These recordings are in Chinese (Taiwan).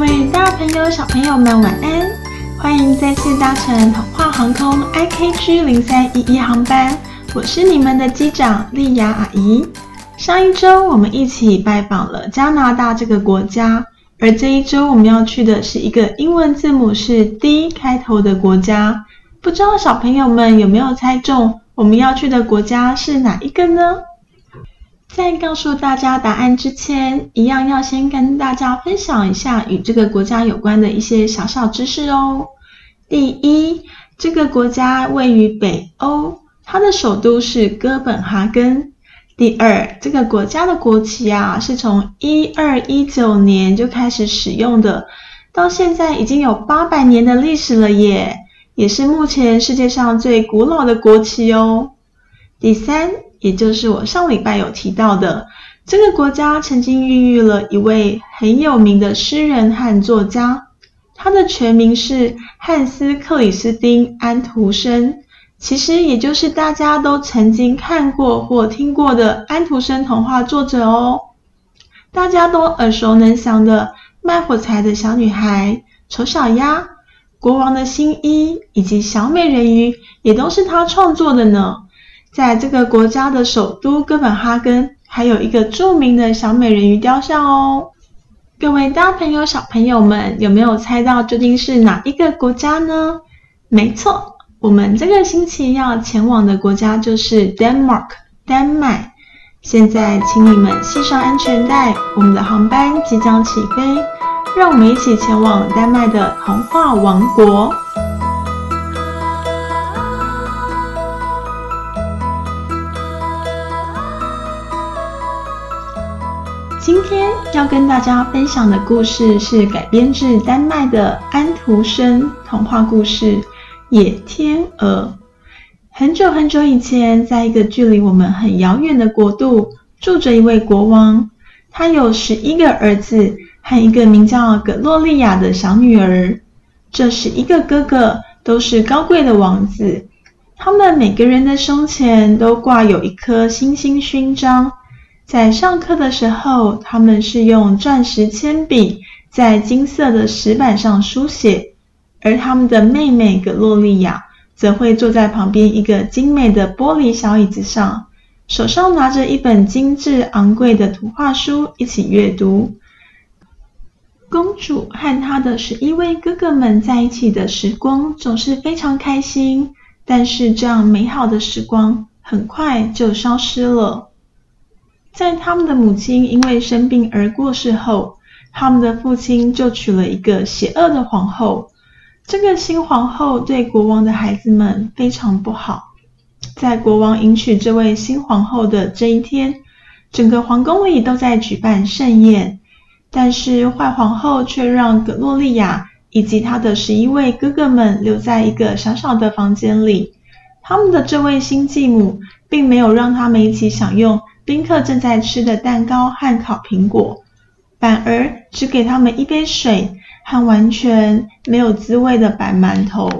各位大朋友、小朋友們，晚安！歡迎再次搭乘童話航空 IKG 零三一一航班，我是你們的機長莉雅阿姨。上一周，我們一起拜訪了加拿大這個國家，而這一周我們要去的是一個英文字母是 D 開頭的國家。不知道小朋友們有沒有猜中我們要去的國家是哪一個呢？在告訴大家答案之前，一樣要先跟大家分享一下與這個國家有關的一些小小知識哦。第一，這個國家位於北歐，它的首都是哥本哈根。第二，這個國家的國旗啊，是從一二一九年就開始使用的，到現在已經有八百年的歷史了耶，也是目前世界上最古老的國旗哦。第三。也就是我上個禮拜有提到的，這個國家曾經孕育了一位很有名的詩人和作家，他的全名是漢斯·克里斯汀·安徒生，其實也就是大家都曾經看過或聽過的安徒生童話作者哦。大家都耳熟能詳的《賣火柴的小女孩》《醜小鴨》《國王的新衣》以及《小美人魚》也都是他創作的呢。在這個國家的首都哥本哈根，還有一個著名的小美人魚雕像哦。各位大朋友、小朋友們，有沒有猜到究竟是哪一個國家呢？沒錯，我們這個星期要前往的國家就是 Denmark（ 丹麥）。現在請你們繫上安全帶，我們的航班即將起飛，讓我們一起前往丹麥的童話王國。今天要跟大家分享的故事是改編自丹麥的安徒生童話故事《野天鵝》。很久很久以前，在一個距離我們很遙遠的國度，住着一位國王，他有十一個兒子和一個名叫葛洛麗亞的小女兒。這十一個哥哥都是高貴的王子，他們每個人的胸前都掛有一顆星星勳章。在上課的時候，他們是用鑽石鉛筆在金色的石板上書寫，而他們的妹妹格洛麗亞則會坐在旁邊一個精美的玻璃小椅子上，手上拿着一本精致昂貴的圖畫書一起閱讀。公主和她的十一位哥哥們在一起的時光總是非常開心，但是這樣美好的時光很快就消失了。在他們的母親因為生病而過世後，他們的父親就娶了一個邪惡的皇後。這個新皇後對國王的孩子們非常不好。在國王迎娶這位新皇後的這一天，整個皇宮裡都在舉辦盛宴，但是壞皇后卻讓葛諾利亞以及他的十一位哥哥們留在一個小小的房間裡。他們的這位新繼母並沒有讓他們一起享用。賓客正在吃的蛋糕和烤蘋果，反而只給他們一杯水和完全沒有滋味的白饅頭。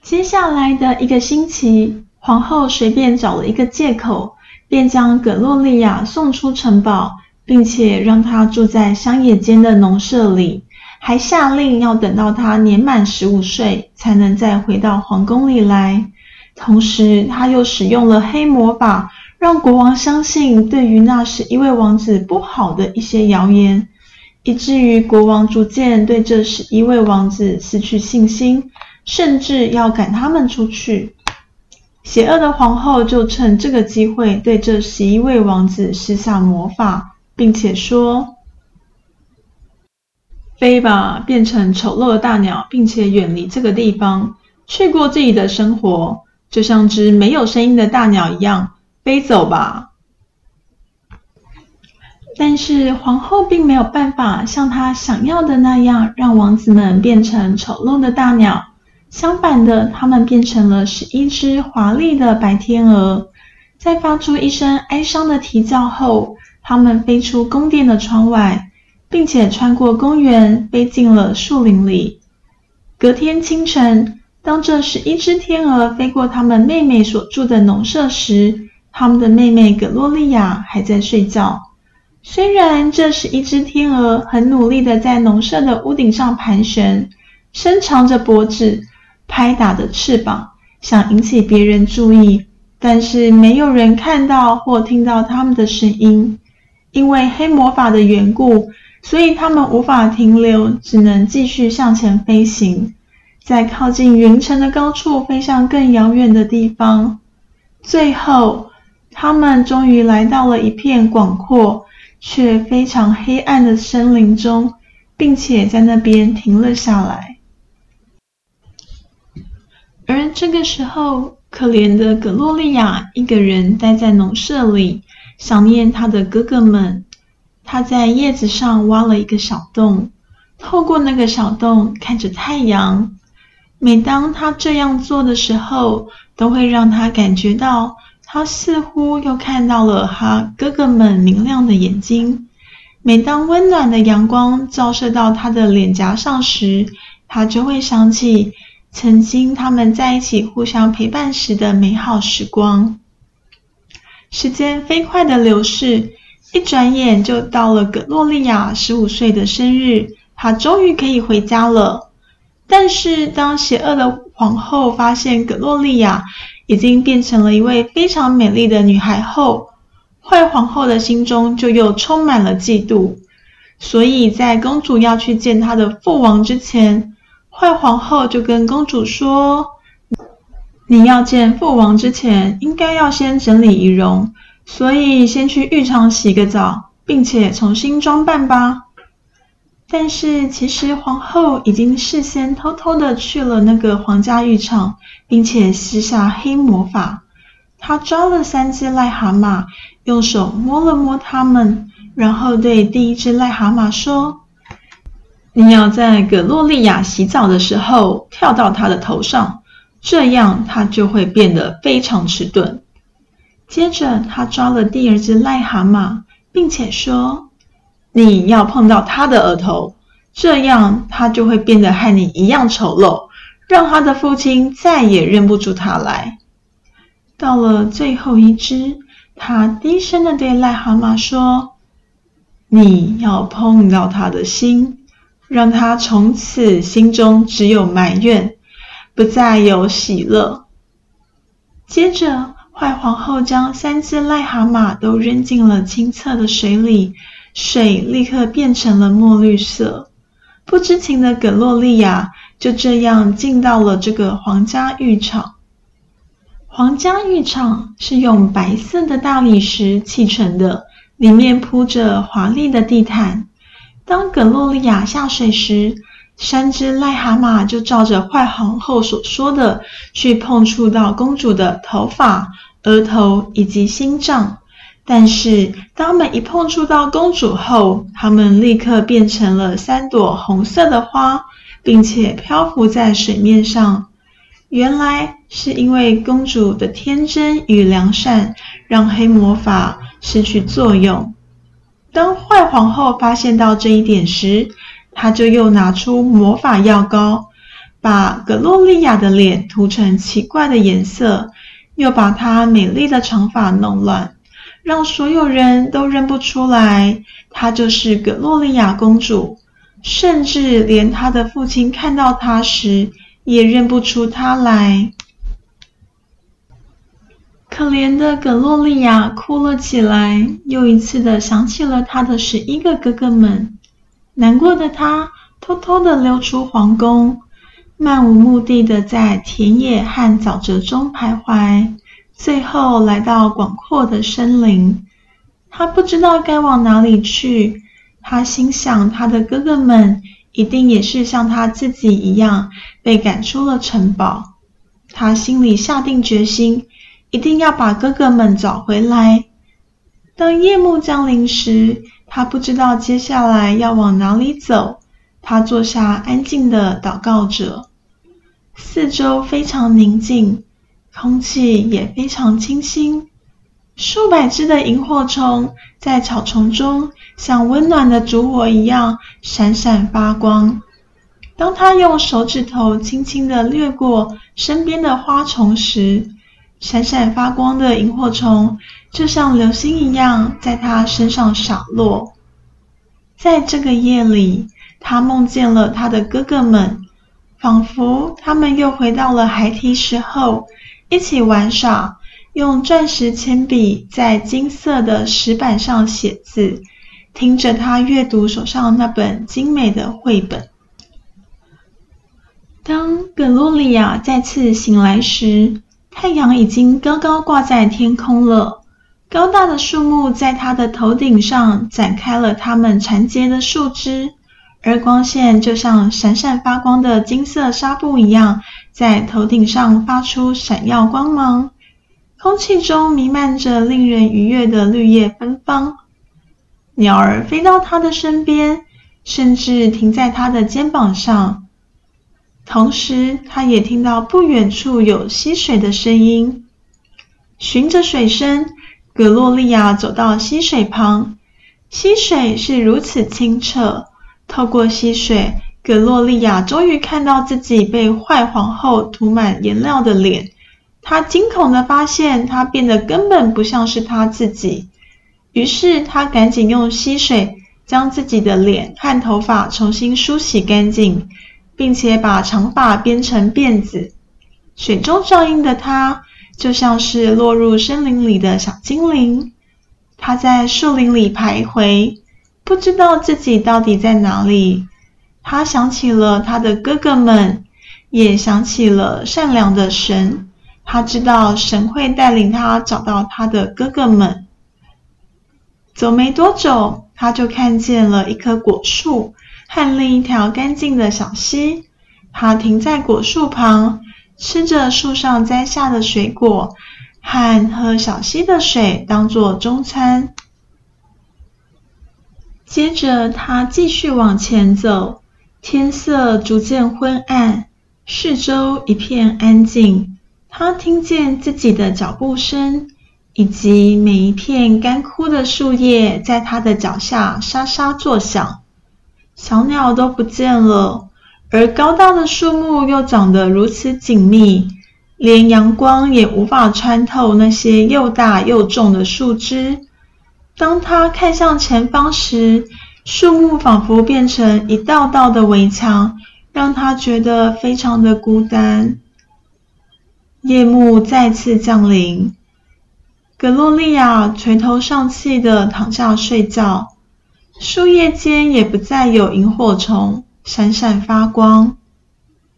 接下來的一個星期，皇后隨便找了一個借口，便將葛洛利亞送出城堡，並且讓她住在鄉野間的農舍裡，還下令要等到她年滿十五歲，才能再回到皇宮裡來。同時，他又使用了黑魔法，讓國王相信對於那十一位王子不好的一些謠言，以至於國王逐漸對這十一位王子失去信心，甚至要趕他們出去。邪惡的皇後就趁這個機會對這十一位王子施下魔法，並且說：“飛吧，變成醜陋的大鳥，並且遠離這個地方，去過自己的生活。”就像隻沒有聲音的大鳥一樣飛走吧。但是皇后並沒有辦法像她想要的那樣讓王子們變成醜陋的大鳥，相反的，他們變成了十一隻華麗的白天鵝。在發出一聲哀傷的啼叫後，他們飛出宮殿的窗外，並且穿過公園，飛進了樹林裡。隔天清晨。當這十一隻天鵝飛過他們妹妹所住的農舍時，他們的妹妹葛洛利亞還在睡覺。雖然這十一隻天鵝，很努力地在農舍的屋頂上盤旋，伸長着脖子，拍打着翅膀，想引起別人注意，但是沒有人看到或聽到他們的聲音，因為黑魔法的緣故，所以他們無法停留，只能繼續向前飛行。在靠近雲層的高處飛向更遙遠的地方，最後，他們終於來到了一片廣闊卻非常黑暗的森林中，並且在那邊停了下來。而這個時候，可憐的格洛麗亞一個人待在農舍裡，想念她的哥哥們。她在葉子上挖了一個小洞，透過那個小洞看着太陽。每當他這樣做的時候，都會讓他感覺到，他似乎又看到了他哥哥們明亮的眼睛。每當溫暖的陽光照射到他的臉頰上時，他就會想起曾經他們在一起互相陪伴時的美好時光。時間飛快的流逝，一轉眼就到了格洛利亞十五歲的生日，他終於可以回家了。但是，當邪惡的皇后發現葛洛利亞已經變成了一位非常美麗的女孩後，壞皇後的心中就又充滿了嫉妒。所以在公主要去見她的父王之前，壞皇後就跟公主說：“你要見父王之前，應該要先整理儀容，所以先去浴場洗個澡，並且重新裝扮吧。”但是其實皇后已經事先偷偷的去了那個皇家浴場，並且施下黑魔法。她抓了三隻癩蛤蟆，用手摸了摸它們，然後對第一隻癩蛤蟆說：“你要在葛洛利亞洗澡的時候跳到她的頭上，這樣她就會變得非常遲鈍。”接着她抓了第二隻癩蛤蟆，並且說。你要碰到他的額頭，這樣他就會變得和你一樣醜陋，讓他的父親再也認不出他來。到了最後一隻，他低聲地對癩蛤蟆說：“你要碰到他的心，讓他從此心中只有埋怨，不再有喜樂。”接着，壞皇后將三隻癩蛤蟆都扔進了清澈的水裡。水立刻變成了墨綠色，不知情的葛洛利亞就這樣進到了這個皇家浴場。皇家浴場是用白色的大理石砌成的，裡面鋪着華麗的地毯。當葛洛利亞下水時，三隻癩蛤蟆就照着壞皇後所說的去碰觸到公主的頭髮、額頭以及心臟。但是，當他們一碰觸到公主後，他們立刻變成了三朵紅色的花，並且漂浮在水面上。原來是因為公主的天真與良善，讓黑魔法失去作用。當壞皇后發現到這一點時，她就又拿出魔法藥膏，把格洛麗亞的臉塗成奇怪的顏色，又把她美麗的長髮弄亂。讓所有人都認不出來，她就是葛洛麗亞公主，甚至連她的父親看到她時也認不出她來。可憐的葛洛麗亞哭了起來，又一次的想起了她的十一個哥哥們。難過的她偷偷的溜出皇宮，漫無目的地在田野和沼澤中徘徊。最後來到廣闊的森林，他不知道該往哪裡去。他心想，他的哥哥們一定也是像他自己一樣被趕出了城堡。他心裡下定決心，一定要把哥哥們找回來。當夜幕降臨時，他不知道接下來要往哪裡走。他坐下，安靜的禱告着，四周非常寧靜。空氣也非常清新，數百隻的螢火蟲在草叢中像溫暖的燭火一樣閃閃發光。當他用手指頭輕輕地掠過身邊的花叢時，閃閃發光的螢火蟲就像流星一樣在他身上灑落。在這個夜裡，他夢見了他的哥哥們，仿佛他們又回到了孩提時候。一起玩耍，用鑽石鉛筆在金色的石板上寫字，聽着他閱讀手上那本精美的繪本。當格羅麗亞再次醒來時，太陽已經高高掛在天空了。高大的樹木在他的頭頂上展開了它們纏結的樹枝，而光線就像閃閃發光的金色紗布一樣。在頭頂上發出閃耀光芒，空氣中彌漫着令人愉悅的綠葉芬芳。鳥兒飛到他的身邊，甚至停在他的肩膀上。同時，他也聽到不遠處有溪水的聲音。循着水聲，格洛利亞走到溪水旁。溪水是如此清澈，透過溪水。格洛麗亞終於看到自己被壞皇后塗滿顏料的臉，她驚恐地發現，她變得根本不像是她自己。於是，她趕緊用溪水將自己的臉和頭髮重新梳洗乾淨，並且把長髮編成辮子。水中照映的她，就像是落入森林裡的小精靈。她在樹林裡徘徊，不知道自己到底在哪裡。他想起了他的哥哥們，也想起了善良的神。他知道神會帶領他找到他的哥哥們。走沒多久，他就看見了一棵果樹和另一條乾淨的小溪。他停在果樹旁，吃着樹上摘下的水果，和喝小溪的水當做中餐。接着，他繼續往前走。天色逐漸昏暗，四周一片安靜。他聽見自己的腳步聲，以及每一片乾枯的樹葉在他的腳下沙沙作響。小鳥都不見了，而高大的樹木又長得如此緊密，連陽光也無法穿透那些又大又重的樹枝。當他看向前方時，樹木仿佛變成一道道的圍牆，讓他覺得非常的孤單。夜幕再次降臨，格洛麗亞垂頭喪氣地躺下睡覺。樹葉間也不再有螢火蟲閃閃發光。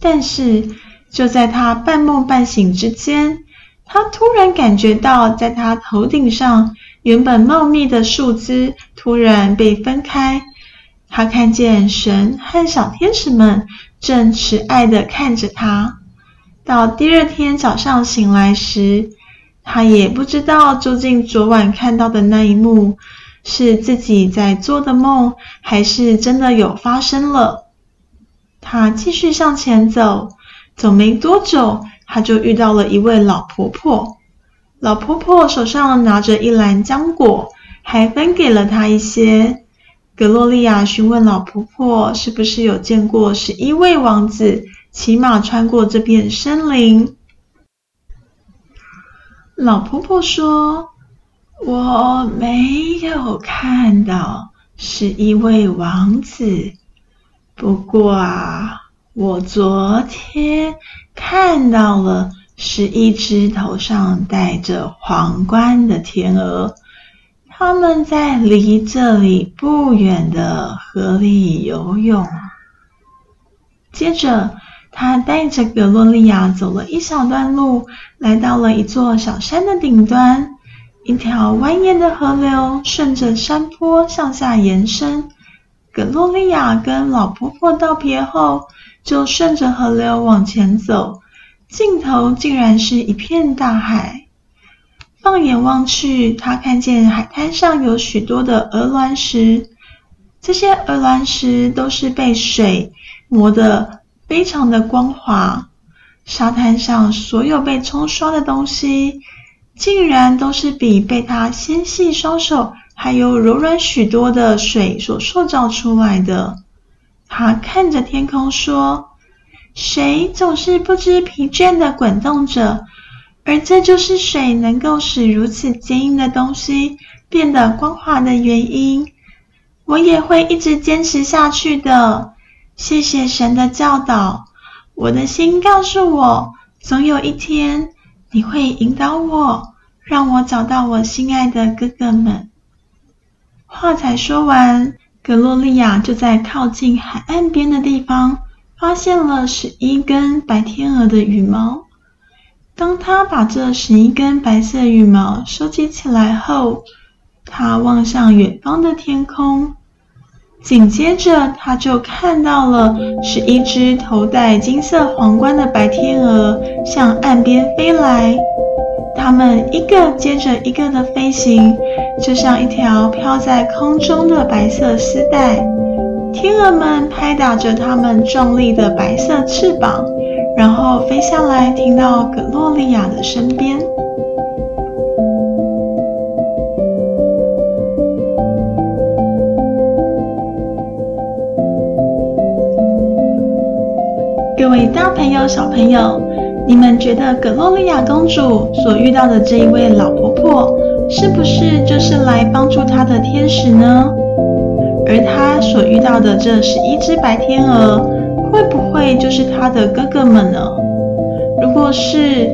但是，就在他半夢半醒之間，他突然感覺到在他頭頂上。原本茂密的樹枝突然被分開，他看見神和小天使們正慈愛地看着他。到第二天早上醒來時，他也不知道究竟昨晚看到的那一幕是自己在做的夢，還是真的有發生了。他繼續向前走，走沒多久，他就遇到了一位老婆婆。老婆婆手上拿着一籃漿果，還分給了她一些。格洛麗亞詢問老婆婆：“是不是有見過十一位王子騎馬穿過這片森林？”老婆婆說：“我沒有看到十一位王子，不過啊，我昨天看到了。”是一隻頭上戴着皇冠的天鵝，它們在離這裡不遠的河裡游泳。接着，他帶着格洛麗亞走了一小段路，來到了一座小山的頂端。一條蜿蜒的河流順着山坡向下延伸。格洛麗亞跟老婆婆道別後，就順着河流往前走。盡頭竟然是一片大海，放眼望去，他看見海灘上有許多的鵝卵石，這些鵝卵石都是被水磨得非常的光滑。沙灘上所有被沖刷的東西，竟然都是比被他纖細雙手還要柔軟許多的水所塑造出來的。他看着天空說。水總是不知疲倦的滾動着，而這就是水能夠使如此堅硬的東西變得光滑的原因。我也會一直堅持下去的。謝謝神的教導，我的心告訴我，總有一天你會引導我，讓我找到我心愛的哥哥們。話才說完，格洛利亞就在靠近海岸邊的地方。發現了十一根白天鵝的羽毛。當他把這十一根白色羽毛收集起來後，他望向遠方的天空，緊接着他就看到了十一隻頭戴金色皇冠的白天鵝向岸邊飛來。它們一個接着一個的飛行，就像一條飄在空中的白色絲帶。天鵝們拍打着它們壯麗的白色翅膀，然後飛下來，停到格洛麗亞的身邊。各位大朋友、小朋友，你們覺得格洛麗亞公主所遇到的這一位老婆婆，是不是就是來幫助她的天使呢？而他所遇到的這十一隻白天鵝，會不會就是他的哥哥們呢？如果是，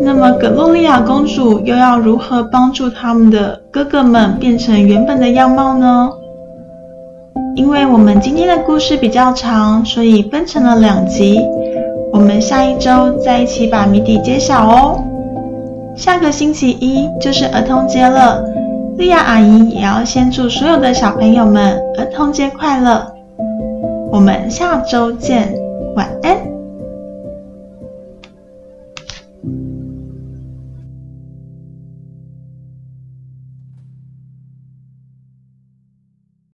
那麼格洛麗亞公主又要如何幫助他們的哥哥們變成原本的樣貌呢？因為我們今天的故事比較長，所以分成了兩集。我們下一周再一起把謎底揭曉哦。下個星期一就是兒童節了。莉婭阿姨也要先祝所有的小朋友們兒童節快樂！我們下周見，晚安。